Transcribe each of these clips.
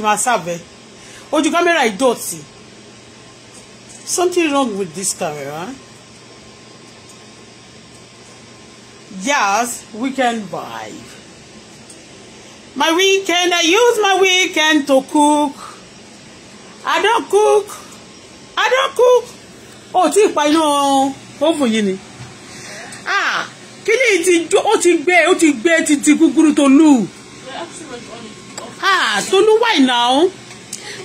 tí máa serve ojú kámẹ́rà ìdọ̀tí something wrong with this camera yes we can buy. my weekend I use my weekend to cook I don cook I don cook o oh, ti pa iná oven yìí ni ah kí ni ti ó ti gbé ó ti gbé títí gúgúrú tó lù ah Tolu why now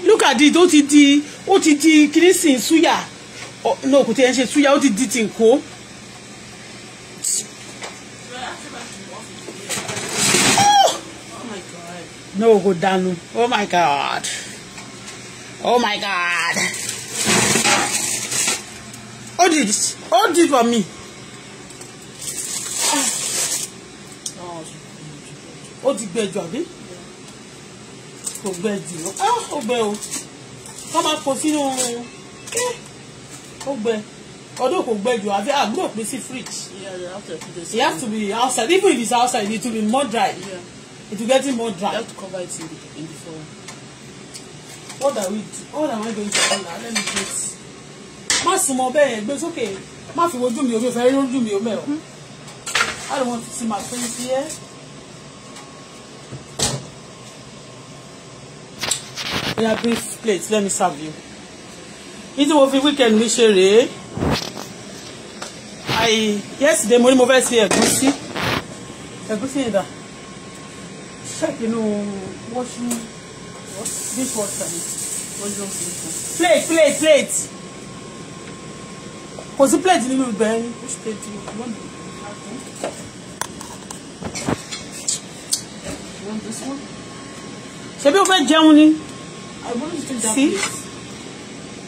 look at it ó ti di ó ti di kirisin suya oh, no kò tiẹ̀ ń ṣe suya ó ti di tìǹkó. Oh! no kò dànù oh my god oh my god hold it hold it for me. Ah. ó ti gbẹjọ àbí kò gbẹ jù ó ó gbẹ o kọ́ máa kó sínú ó eh, gbẹ ọdún kò gbẹ jù àbí àgbúrò pín sí fridge it has to be outside even if it's outside it will be more dry yeah. it will get more dry. you have to cover it in the, in the fall. what are we do what am I going to do now let me get má súnmọ́ bẹ́ẹ̀ yẹn gbé sókè má fi wojú mi omi ò fẹ́ rí ojú mi omi ẹ̀ o mm-hmm. I don't want to see my face here. Yeah, bring plate. Let me serve you. Ìdí wo fi weekend mi ṣe rèé. I yesterday mo ní mo fẹ́ ṣe ẹ̀gúsí. Ẹ̀gúsí yẹn dà. Check inú washing dishwasher ni. Plate plate plate. Kò the plate nínú ibẹ̀ ni. Which plate do you want? You want this one? Ṣebí o fẹ́ jẹun ni? see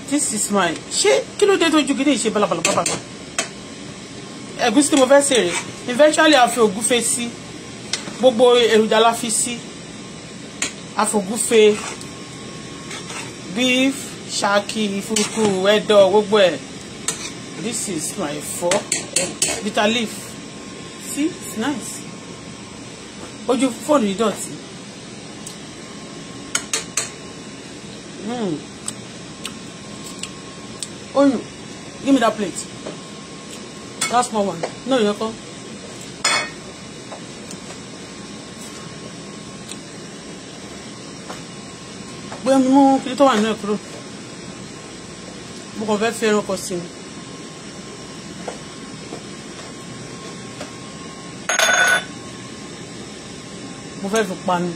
this is my ṣé kí ló dé tó ju bala bala balabala balabala ẹ̀gúsí tí mo fẹ́ sèrè eventually a fi ògúfe sí gbogbo èròjà la fi sí a fi face. beef ṣáàkì ìfúrukú ẹ̀dọ̀ gbogbo ẹ̀ this is my ẹ̀fọ́ bitter leaf see it's nice ojú fóònù yìí dọ̀tí. Oh Oyin, give me that plate. That small one. No, you're come. Bóyá mi mú kiri tó wà nínú ẹ̀ kúrò. Mo kàn fẹ́ fi ẹranko sí mi. Mo fẹ́ fi pa ni.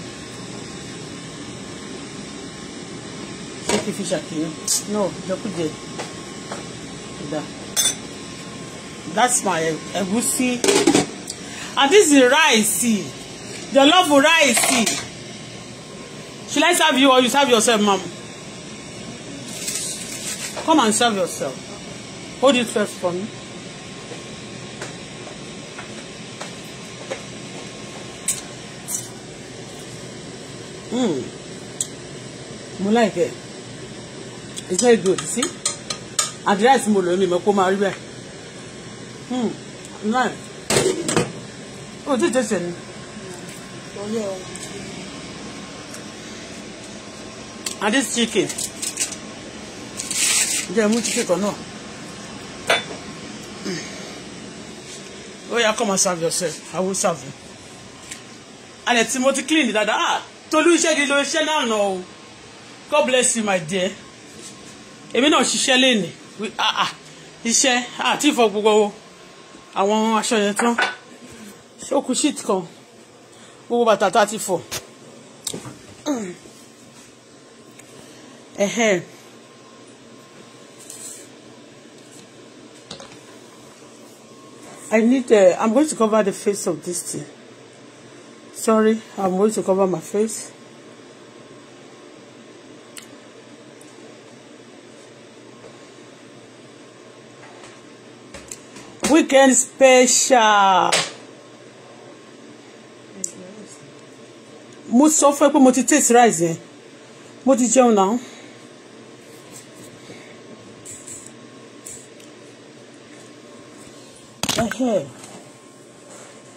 kí fi ṣàkíyàn no jẹkújẹ ìdá that's my ẹ̀gúsí and this is rice the love of rice should I serve you or you serve yourself ma'am come and serve yourself hold it first for me. Mm. Mo like it it's very good see and the rice mo lò mí mo kó máa rí bẹ́ẹ̀ hmm nice o oh, ti tẹ̀sẹ̀ ni. and this chicken jẹ́ mú chicken kan náà Oh, yá come and serve yourself I will serve you and it's tí clean dáadáa ah Tolú iṣẹ́ gidi ló iṣẹ́ náà nà o God bless you my dear èmi náà ṣiṣẹ́ léèní ah, ah, iṣẹ́ àti ìfọ gbogbo àwọn aṣọ yẹn tán ó kù sheet kan gbogbo bàtà tá a ti fọ ẹ̀hẹ́n. I need, uh, I'm going to cover the face of this thing. Sorry, I'm going to cover my face. weekend special. mo sọ fún ẹ pé mo ti taste rice yẹn mo ti jẹun náà.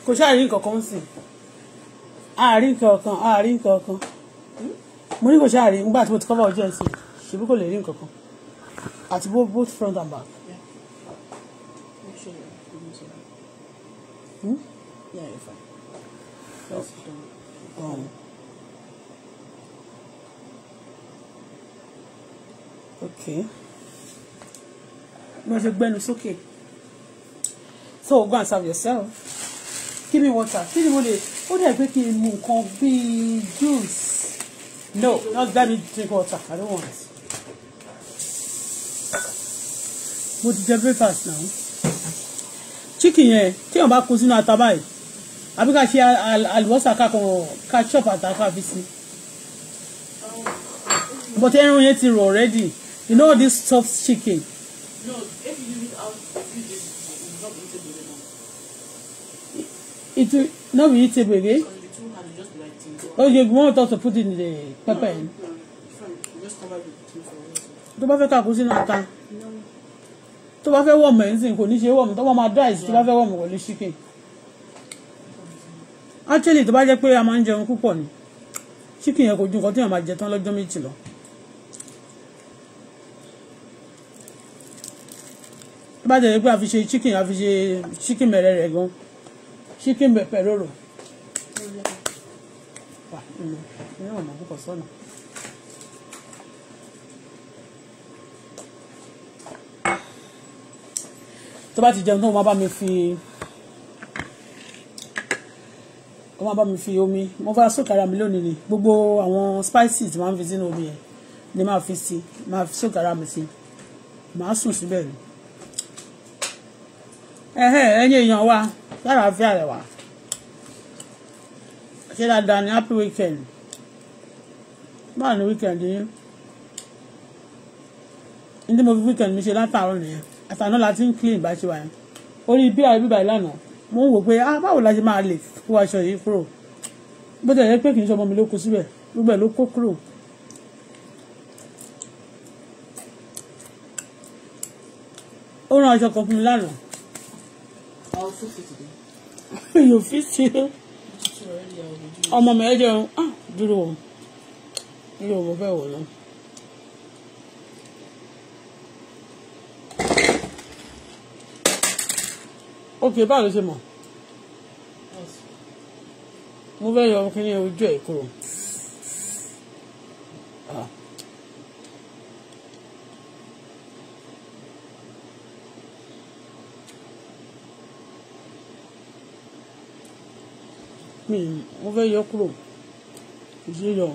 kò ṣáà rí nǹkan kan sí àárín nǹkan kan àárín nǹkan kan mo ní kò ṣáà rí nígbà tí mo ti cover ojú ẹ̀ sí ṣèbí kò lè rí nǹkan kan àti both front and back something. Hmm? Yeah, you're fine. Let's okay. go. Go on. Okay. Mo ṣe it's okay. So go and serve yourself. Give me water. Kí ni water? What are you drinking? kí n mu juice. No, not let me drink water. I don't want. What ti jẹ breakfast now chicken yẹn téèyàn bá kó sínú ata báyìí àbí ká ṣe àlùbọ́sà kákan ká chop ata ká fi sí but ẹran yẹn ti rọ already you know this soft chicken. No, it will not be eatable again? Oh, you want us to put in the pepper no, in? No, no, just cover it with tinker. Tó bá fẹ́ ká kó sínú ata tó bá fẹ́ wọ̀mù ẹ̀ ń sìn kò ní ṣe wọ̀mù tó bá máa dáìsì tó bá fẹ́ wọ̀mù wọlé chicken actually tó bá jẹ́ pé a máa ń jẹun púpọ̀ ni chicken yẹn kò ju nǹkan tí èèyàn máa jẹ tán lọ́jọ́ méjì lọ. tó bá jẹ́ pé a fi ṣe chicken a fi ṣe chicken mẹ̀rẹ̀ rẹ̀ gan chicken pẹ̀rọ̀rọ̀. Wa, mm, you know, I'm not going tó bá ti jẹun tó máa bá mi fi ó máa bá mi fi omi mo fẹ́ sókè ara mi lónìí ni gbogbo àwọn spices máa ń fi sínú omi yẹn ni máa fi sí máa fi sókè ara mi sí máa sùn síbẹ̀ ni ẹ̀yin èèyàn wa lára àfíà rẹ̀ wá ṣé dáadáa ni happy weekend báwo ni weekend yín ní mo fi weekend mi ṣe látàárọ̀ nìyẹn àtàná la ti ń clean bá ṣe wà yẹn orí bí àbí báyìí lánàá mo ń wò pé ah báwo la ṣe máa lè kó aṣọ yìí kúrò bó ti yẹ pé kì í ṣọmọ mi ló kó síbẹ̀ gbogbo ẹ̀ ló kó kúrò. ó rán aṣọ kan fún mi lánàá. yóò fi sí ọmọ mi ẹ jẹun ah, dúró yóò mọ bẹ́ẹ̀ wọ̀ náà. ok báwo ló ṣe mọ̀ mo fẹ́ yọ kí ní ojú ẹ̀ kúrò. Ah. mi mo fẹ́ yọ kúrò kò ṣe yọ.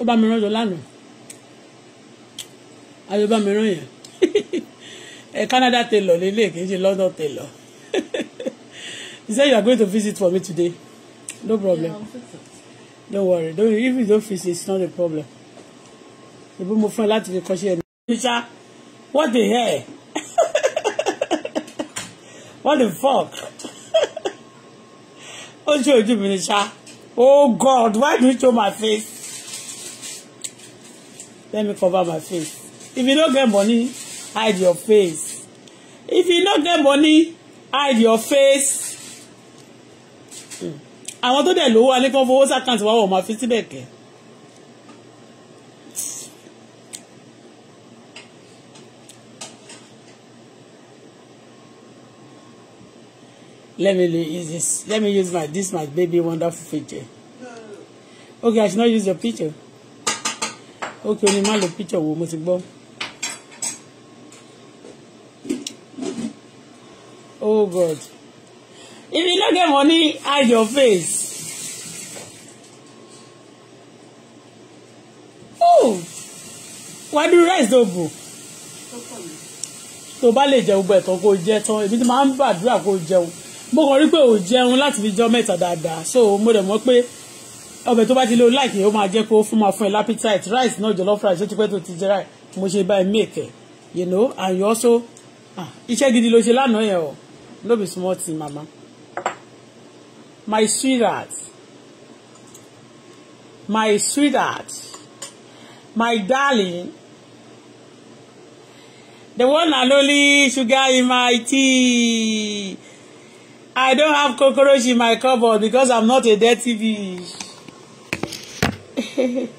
ó bá mi rán jọ lánàá ayébámirán yẹn ẹ Canada tailor lélẹ̀ kì í ṣe London tailor he said you are going to visit for me today no problem don't worry don't if you don't fix it's not a problem ìbú mo fún ẹ láti fi kọ́ṣẹ́ ẹni. ṣá what the hell what the fuck ó ṣe ojú mi ní ṣá oh God why do you show my face let me cover my face if you no get money hide your face if you no get money hide your face àwọn tó dẹ̀ lówó alẹ́ kan fowó sàkáǹtì wa wọ̀ máa fi síbẹ̀ kẹ́. let me use this let me use my this my baby wonderful picture okay i should not use your picture okay oní má lo picture wo mo ti Oh God. If you no get money, hide your face. Oh, why do rice no bo? Tó bá lè jẹun gbẹ̀tọ̀ kó jẹ tán, èmi ti máa ń gbàdúrà kó jẹun. Mo kàn rí pé ò jẹun láti fi jọ mẹ́ta dáadáa, so mo dẹ̀ mọ̀ pé ọbẹ̀ tó bá ti lé o láìkè ó máa jẹ́ kó fún máa fún ẹ lápítàìt rice náà jollof rice ó ti pẹ́ tó ti jẹ rice mo ṣe báyìí mèkẹ́ you know and you also ah, iṣẹ́ gidi ló ṣe lánàá yẹn o no be small thing mama my sweetheart my sweetheart my darling the one and only sugar in my tea I don't have cockroach in my cupboard because I'm not a dirty bitch.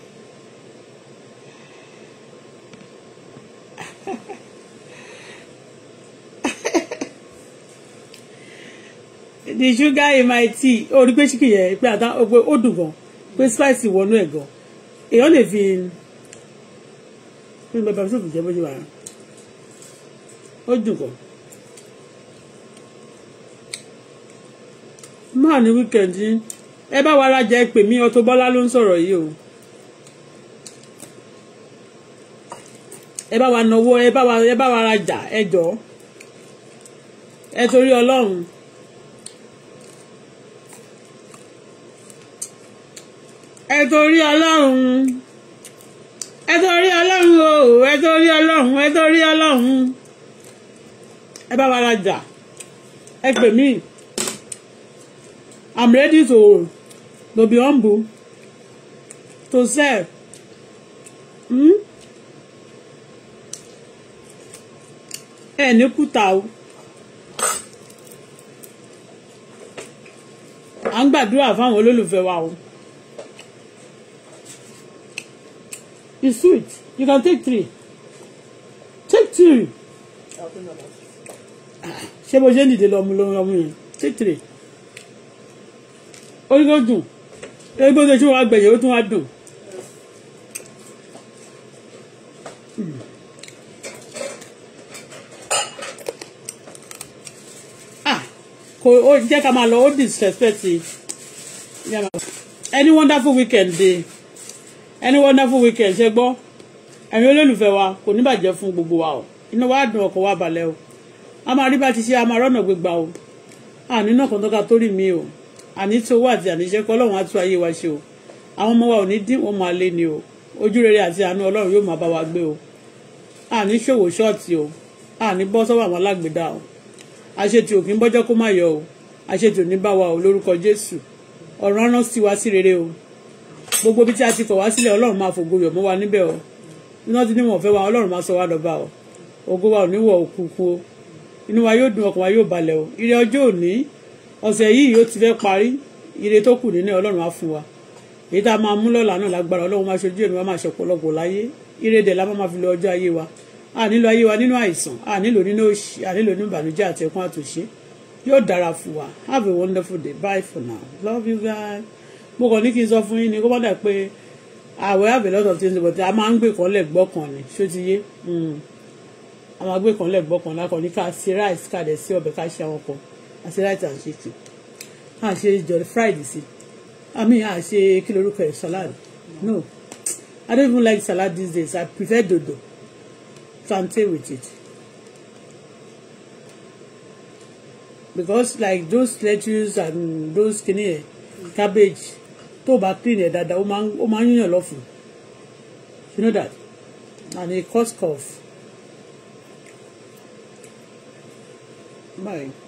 the sugar in my tea rí pé ṣíkì yẹn pé àtà ó ó dùn gan pé spice wọnú ẹ̀ gan lè fi fún mi bàbá mi ó dùn gan. ma ní weekend pè mí ló ń o wa wa ẹ torí ọlọ́run ẹ torí ọlọ́run o ẹ torí ọlọ́run ẹ torí ọlọ́run ẹ bá wa rajà ẹ pè mí i'm ready to to be humble to serve. Hmm? ẹ ní kúta o à ń gbàdúrà fáwọn olólùfẹ́ wa o. It's sweet. You can take three. Take three. Ṣé bó ṣe ń dìde lọ́mú lọ́mú yẹn? Take three. What Orí ló do? Egbò tó ṣe wá gbẹ̀yẹ̀ ó tún to. dùn. Ah, kò ó jẹ́ ká máa lọ ó disrespect. Any wonderful weekend dey any wonderful weekend ṣe gbọ́ ẹ̀yin olólùfẹ́ wa kò ní bàjẹ́ fún gbogbo wa o inú wa dùn ọkọ̀ wa balẹ̀ o a máa rí bá ti ṣe a máa rọ́nà gbégbá o àní náà kan tó ka torí mi o àní tó wà àti àníṣe kọ́ ọlọ́run á tú ayé wa ṣe o àwọn ọmọ wa ò ní dín wọn máa lé ni o ojú rere àti àánú ọlọ́run yóò máa bá wa gbé o àní ṣòwò ṣọ́ọ̀tì o àní bọ́ sọ́wọ́ àwọn alágbèdá o àṣetì òkín bọ́jọ́ kó má yọ o àṣetì òní bá wa o lórúkọ Jésù ọ̀rọ̀ rán sí wa sí rere o gbogbo bí tí a ti kọ̀ sílẹ̀ ọlọ́run máa fògo yọ̀ mọ́ wa níbẹ̀ o iná tí níwọ̀n fẹ́ wa ọlọ́run máa sọ wa dọ̀ba o ògo wa ò níwọ̀ òkùnkùn o inú wa yóò dùn ọkàn wa yóò balẹ̀ o ire ọjọ́ òní ọ̀sẹ̀ yìí yóò ti fẹ́ parí ire tó kù nínú ọlọ́run á fún wa èyí tá a máa mú lọ́la náà lágbára ọlọ́run máa ṣojú èmi wa máa ṣọ̀pọ̀lọpọ̀ láyé ire dẹ̀ la máa fi lo ọjọ́ ayé wa a nílò ayé wa nínú àìsàn a nílò nínú òṣì a nílò nínú ìbànújẹ́ àti ẹ̀kún àtúnṣe yóò dára fún wa have a wonderful day bye for now love you guys mo kàn ní kí n sọ fún yín ni kó má dà pé àwẹ̀ àbẹ̀ lọ́dọ̀ tí ń sọ bọ̀tí a máa ń gbé kan lẹ̀ gbọ́kàn ni ṣó ti yé hmm. a máa gbé kan lẹ̀ gbọ́kàn lákọ̀ ní ká ṣe rice ká dẹ̀ sí ọbẹ̀ ká ṣe àwọn kan àti rice and chicken a ṣe jolly fried sí i mean a ṣe kí lorúkọ ẹ̀ salad no I don't even like salad these days I prefer dodo plantain with it because like those lettuce and those kini cabbage tó bá clean ẹ̀ dáadáa ó máa ń yàn lọ́fun you know that and it cost of, Bye.